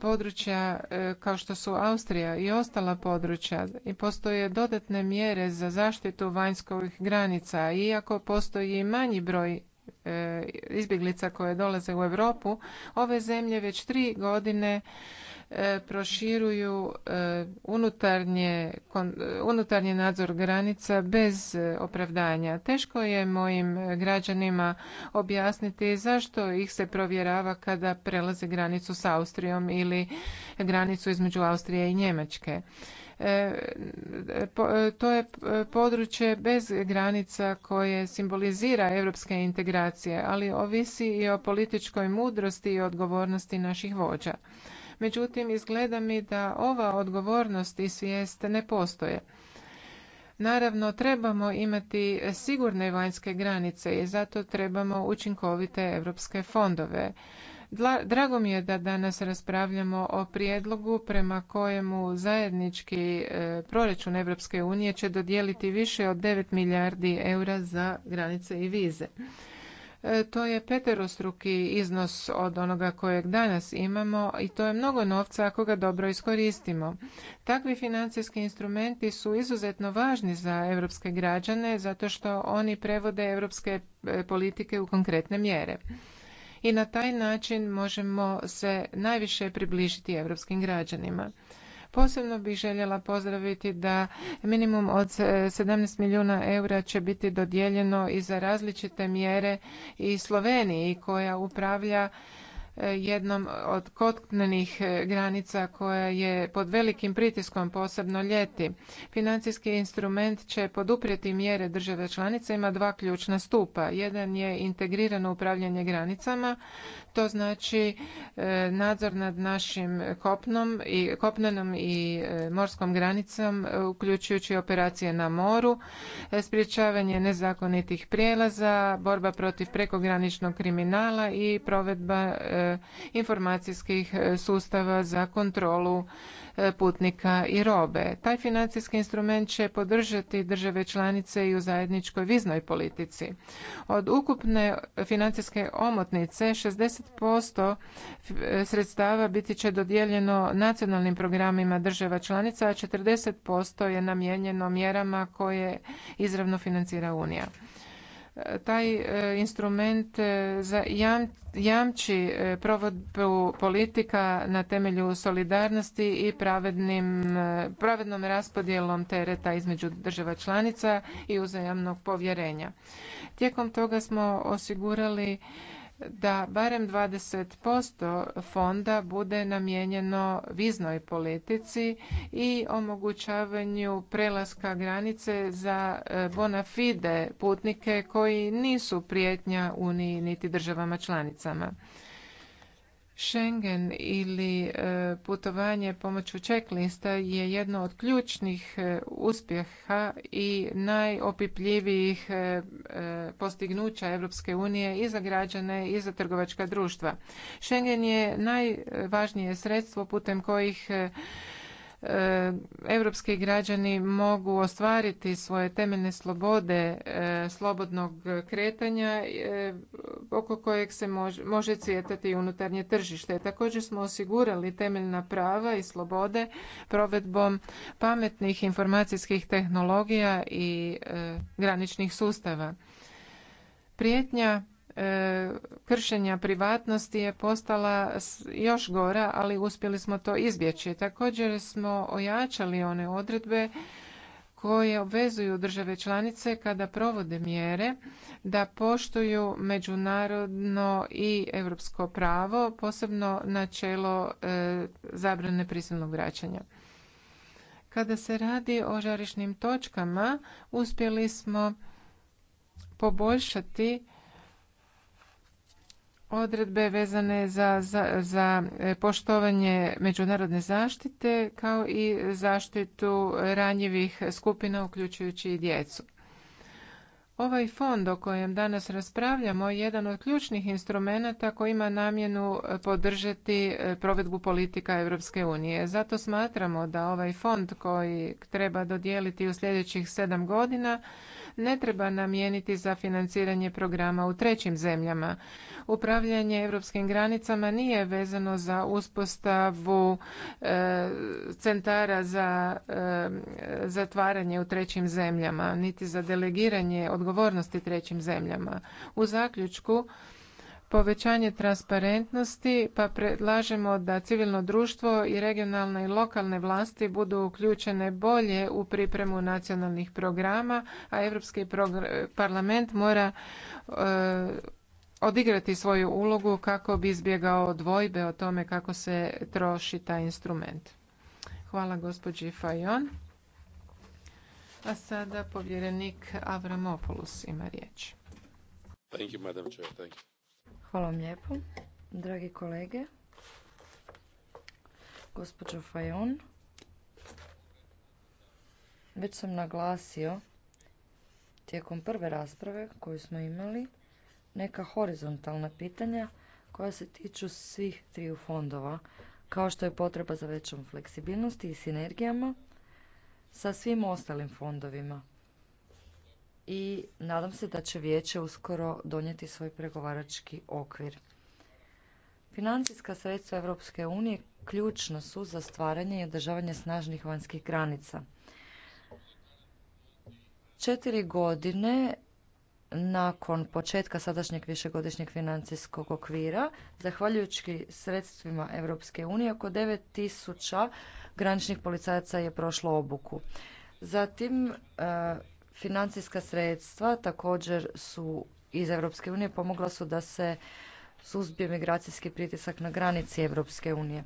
područja kao što su Austrija i ostala područja i postoje do dodatne mjere za zaštitu vanjskih granica. Iako postoji manji broj e, izbjeglica koje dolaze u Europu, ove zemlje već tri godine e, proširuju e, unutarnje, unutarnji nadzor granica bez opravdanja. Teško je mojim građanima objasniti zašto ih se provjerava kada prelaze granicu s Austrijom ili granicu između Austrije i Njemačke. To je područje bez granica koje simbolizira europske integracije, ali ovisi i o političkoj mudrosti i odgovornosti naših vođa. Međutim, izgleda mi da ova odgovornost i svijest ne postoje. Naravno, trebamo imati sigurne vanjske granice i zato trebamo učinkovite europske fondove. Drago mi je da danas raspravljamo o prijedlogu prema kojemu zajednički e, proračun Europske unije će dodijeliti više od 9 milijardi eura za granice i vize. E, to je peterostruki iznos od onoga kojeg danas imamo i to je mnogo novca ako ga dobro iskoristimo. Takvi financijski instrumenti su izuzetno važni za europske građane zato što oni prevode europske e, politike u konkretne mjere i na taj način možemo se najviše približiti europskim građanima. Posebno bih željela pozdraviti da minimum od 17 milijuna eura će biti dodijeljeno i za različite mjere i Sloveniji koja upravlja E, jednom od kotknenih e, granica koja je pod velikim pritiskom posebno ljeti. Financijski instrument će poduprijeti mjere države članice, ima dva ključna stupa. Jedan je integrirano upravljanje granicama, to znači e, nadzor nad našim kopnom i kopnenom i e, morskom granicom e, uključujući operacije na moru, sprječavanje nezakonitih prijelaza, borba protiv prekograničnog kriminala i provedba informacijskih sustava za kontrolu E, putnika i robe. Taj financijski instrument će podržati države članice i u zajedničkoj viznoj politici. Od ukupne financijske omotnice 60% e, sredstava biti će dodijeljeno nacionalnim programima država članica, a 40% je namijenjeno mjerama koje izravno financira Unija taj e, instrument e, jamči e, provodbu politika na temelju solidarnosti i pravednim, pravednom raspodjelom tereta između država članica i uzajamnog povjerenja. Tijekom toga smo osigurali da barem 20% fonda bude namijenjeno viznoj politici i omogućavanju prelaska granice za e, bona fide putnike koji nisu prijetnja Uniji niti državama članicama. Schengen ili e, putovanje pomoću čeklista je jedno od ključnih e, uspjeha i najopipljivijih e, postignuća Europske unije i za građane i za trgovačka društva. Schengen je najvažnije sredstvo putem kojih E, europski građani mogu ostvariti svoje temeljne slobode e, slobodnog kretanja e, oko kojeg se može, može unutarnje tržište. Također smo osigurali temeljna prava i slobode provedbom pametnih informacijskih tehnologija i graničnih sustava. Prijetnja E, kršenja privatnosti je postala još gora, ali uspjeli smo to izbjeći. Također smo ojačali one odredbe koje obvezuju države članice kada provode mjere da poštuju međunarodno i europsko pravo, posebno načelo e, zabrane prisilnog vraćanja. Kada se radi o žarišnim točkama, uspjeli smo poboljšati odredbe vezane za, za, za e, poštovanje međunarodne zaštite kao i zaštitu ranjivih skupina uključujući i djecu. Ovaj fond o kojem danas raspravljamo je jedan od ključnih instrumenata koji ima namjenu podržati e, provedbu politika Europske unije. Zato smatramo da ovaj fond koji treba dodijeliti u sljedećih sedam godina ne treba namijeniti za financiranje programa u trećim zemljama. Upravljanje europskim granicama nije vezano za uspostavu e, centara za e, zatvaranje u trećim zemljama, niti za delegiranje odgovornosti trećim zemljama. U zaključku povećanje transparentnosti pa predlažemo da civilno društvo i regionalne i lokalne vlasti budu uključene bolje u pripremu nacionalnih programa a europski parlament mora e, odigrati svoju ulogu kako bi izbjegao dvojbe o tome kako se troši taj instrument. Hvala gospođi Fajon. A sada povjerenik Avramopoulos ima riječ. Thank Hvala vam lijepo. Dragi kolege, gospođo Fajon, već sam naglasio tijekom prve rasprave koju smo imali neka horizontalna pitanja koja se tiču svih triju fondova, kao što je potreba za većom fleksibilnosti i sinergijama sa svim ostalim fondovima i nadam se da će vijeće uskoro donijeti svoj pregovarački okvir. Financijska sredstva Europske unije ključna su za stvaranje i održavanje snažnih vanjskih granica. Četiri godine nakon početka sadašnjeg višegodišnjeg financijskog okvira, zahvaljujući sredstvima Europske unije, oko 9000 graničnih policajaca je prošlo obuku. Zatim, e, Financijska sredstva također su iz Europske unije pomogla su da se suzbije migracijski pritisak na granici Europske unije.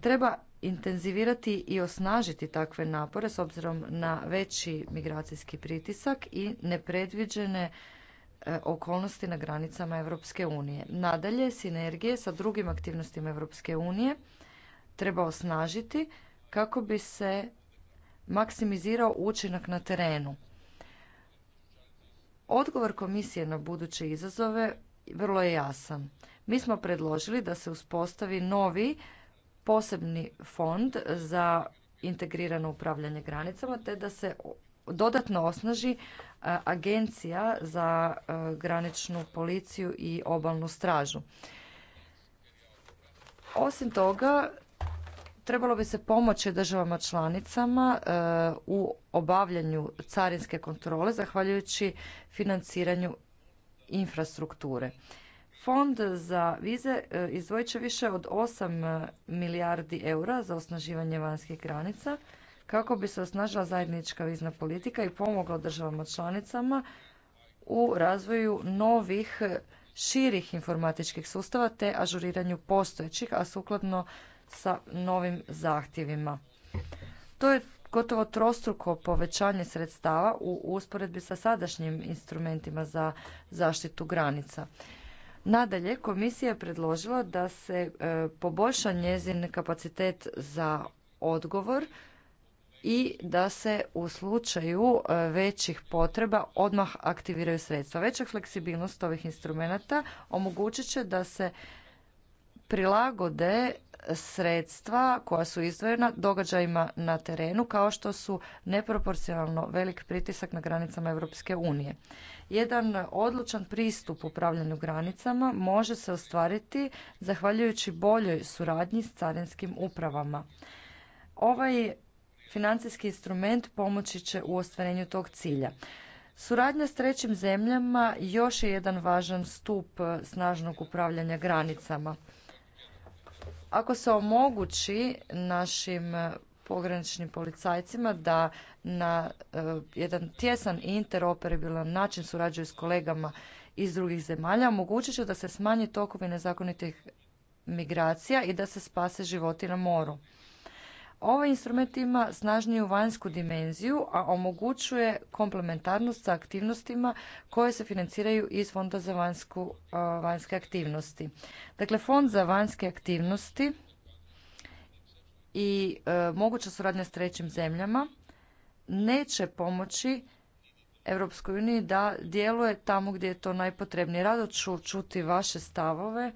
Treba intenzivirati i osnažiti takve napore s obzirom na veći migracijski pritisak i nepredviđene e, okolnosti na granicama Europske unije. Nadalje, sinergije sa drugim aktivnostima Europske unije treba osnažiti kako bi se maksimizirao učinak na terenu. Odgovor komisije na buduće izazove vrlo je jasan. Mi smo predložili da se uspostavi novi posebni fond za integrirano upravljanje granicama te da se dodatno osnaži e, agencija za e, graničnu policiju i obalnu stražu. Osim toga, trebalo bi se pomoći državama članicama e, u obavljanju carinske kontrole zahvaljujući financiranju infrastrukture. Fond za vize e, izdvojit će više od 8 milijardi eura za osnaživanje vanjskih granica kako bi se osnažila zajednička vizna politika i pomogla državama članicama u razvoju novih širih informatičkih sustava te ažuriranju postojećih, a sukladno sa novim zahtjevima. To je gotovo trostruko povećanje sredstava u usporedbi sa sadašnjim instrumentima za zaštitu granica. Nadalje, komisija je predložila da se e, poboljša njezin kapacitet za odgovor i da se u slučaju e, većih potreba odmah aktiviraju sredstva. Veća fleksibilnost ovih instrumenata omogućit će da se prilagode sredstva koja su izdvojena događajima na terenu kao što su neproporcionalno velik pritisak na granicama Europske unije. Jedan odlučan pristup upravljanju granicama može se ostvariti zahvaljujući boljoj suradnji s carinskim upravama. Ovaj financijski instrument pomoći će u ostvarenju tog cilja. Suradnja s trećim zemljama još je jedan važan stup snažnog upravljanja granicama. Ako se omogući našim e, pograničnim policajcima da na e, jedan tjesan i interoperabilan način surađuju s kolegama iz drugih zemalja, omogućit će da se smanji tokovi nezakonitih migracija i da se spase životi na moru. Ovaj instrument ima snažniju vanjsku dimenziju, a omogućuje komplementarnost sa aktivnostima koje se financiraju iz Fonda za vanjsku, vanjske aktivnosti. Dakle, Fond za vanjske aktivnosti i e, moguća suradnja s trećim zemljama neće pomoći Europskoj uniji da djeluje tamo gdje je to najpotrebnije. Rado ću čuti vaše stavove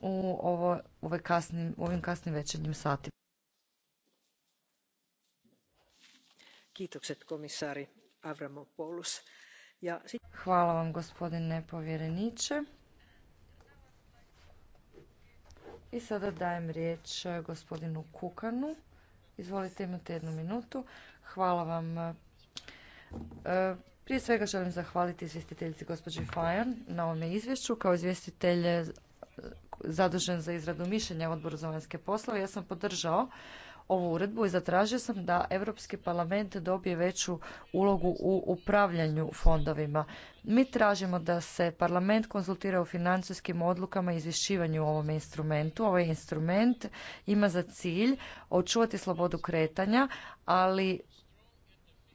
u, ovo, u ovim kasnim večernjim satima. Hvala vam gospodine povjereniče. I sada dajem riječ eh, gospodinu Kukanu. Izvolite, imate jednu minutu. Hvala vam. Eh, prije svega želim zahvaliti izvjestiteljici gospođi Fajan na ovome izvješću. Kao izvjestitelj eh, zadužen za izradu mišljenja Odboru za vanjske poslove, ja sam podržao ovu uredbu i zatražio sam da Europski parlament dobije veću ulogu u upravljanju fondovima. Mi tražimo da se parlament konzultira u financijskim odlukama i izvješćivanju u ovom instrumentu. Ovaj instrument ima za cilj očuvati slobodu kretanja, ali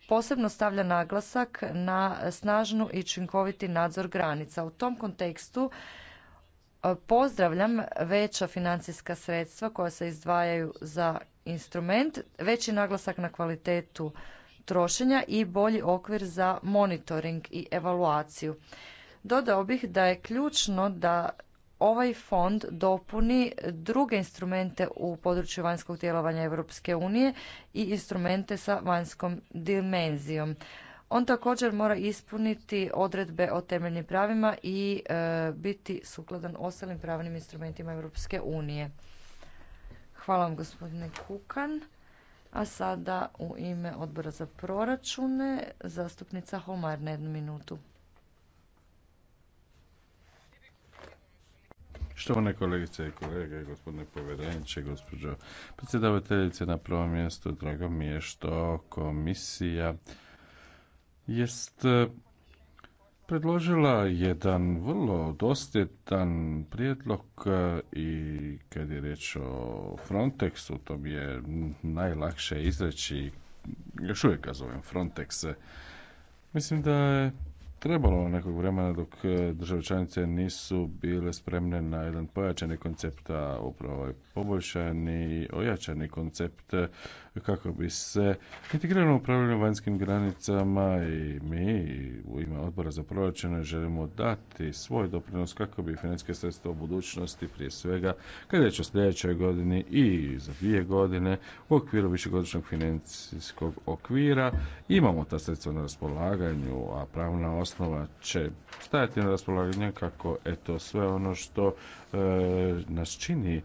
posebno stavlja naglasak na snažnu i učinkoviti nadzor granica. U tom kontekstu e, pozdravljam veća financijska sredstva koja se izdvajaju za instrument, veći naglasak na kvalitetu trošenja i bolji okvir za monitoring i evaluaciju. Dodao bih da je ključno da ovaj fond dopuni druge instrumente u području vanjskog djelovanja Europske unije i instrumente sa vanjskom dimenzijom. On također mora ispuniti odredbe o temeljnim pravima i e, biti sukladan ostalim pravnim instrumentima Europske unije. Hvala vam gospodine Kukan. A sada u ime odbora za proračune zastupnica Homar na jednu minutu. Štovane kolegice i kolege, gospodine povjereniče, gospođo predsjedavateljice na prvom mjestu, drago mi je što komisija jest predložila jedan vrlo dosljedan prijedlog eh, i kad je riječ o Frontexu, to mi je najlakše izreći, još uvijek ga zovem Frontex. Mislim da je trebalo nekog vremena dok eh, države nisu bile spremne na jedan pojačani koncept, a upravo je ovaj poboljšani, ojačani koncept kako bi se integrirano upravljanje vanjskim granicama i mi u ime odbora za proračune želimo dati svoj doprinos kako bi financijske sredstva u budućnosti prije svega kada je o sljedećoj godini i za dvije godine u okviru višegodišnjeg financijskog okvira imamo ta sredstva na raspolaganju, a pravna osnova će stajati na raspolaganju kako eto sve ono što e, nas čini e,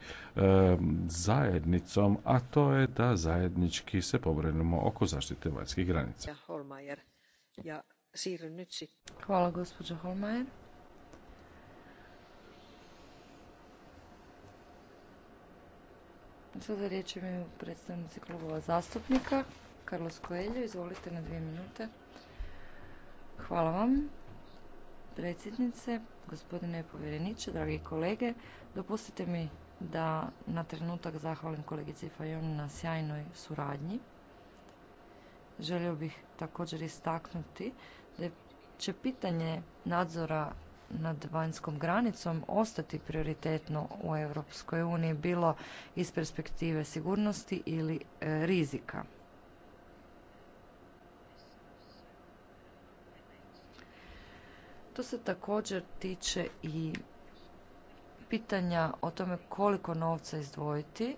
zajednicom, a to je da zajedno zajednički se pobrinemo oko zaštite vanjskih granica. Hvala gospođo Holmajer. Sada riječ imaju predstavnici klubova zastupnika. Carlos izvolite na dvije minute. Hvala vam, predsjednice, gospodine povjereniče, dragi kolege. Dopustite mi da na trenutak zahvalim kolegici Fajon na sjajnoj suradnji. Želio bih također istaknuti da će pitanje nadzora nad vanjskom granicom ostati prioritetno u Europskoj uniji bilo iz perspektive sigurnosti ili e, rizika. To se također tiče i pitanja o tome koliko novca izdvojiti.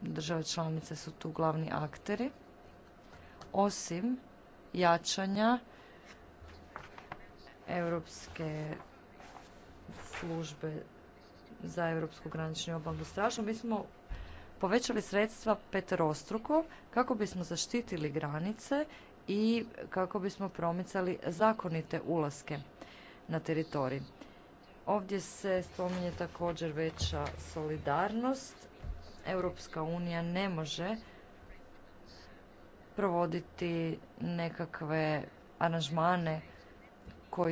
Države članice su tu glavni akteri. Osim jačanja Europske službe za Europsku graničnu obalnu stražu, mi smo povećali sredstva peterostruko kako bismo zaštitili granice i kako bismo promicali zakonite ulaske na teritorij. Ovdje se spominje također veća solidarnost. Europska unija ne može provoditi nekakve aranžmane koji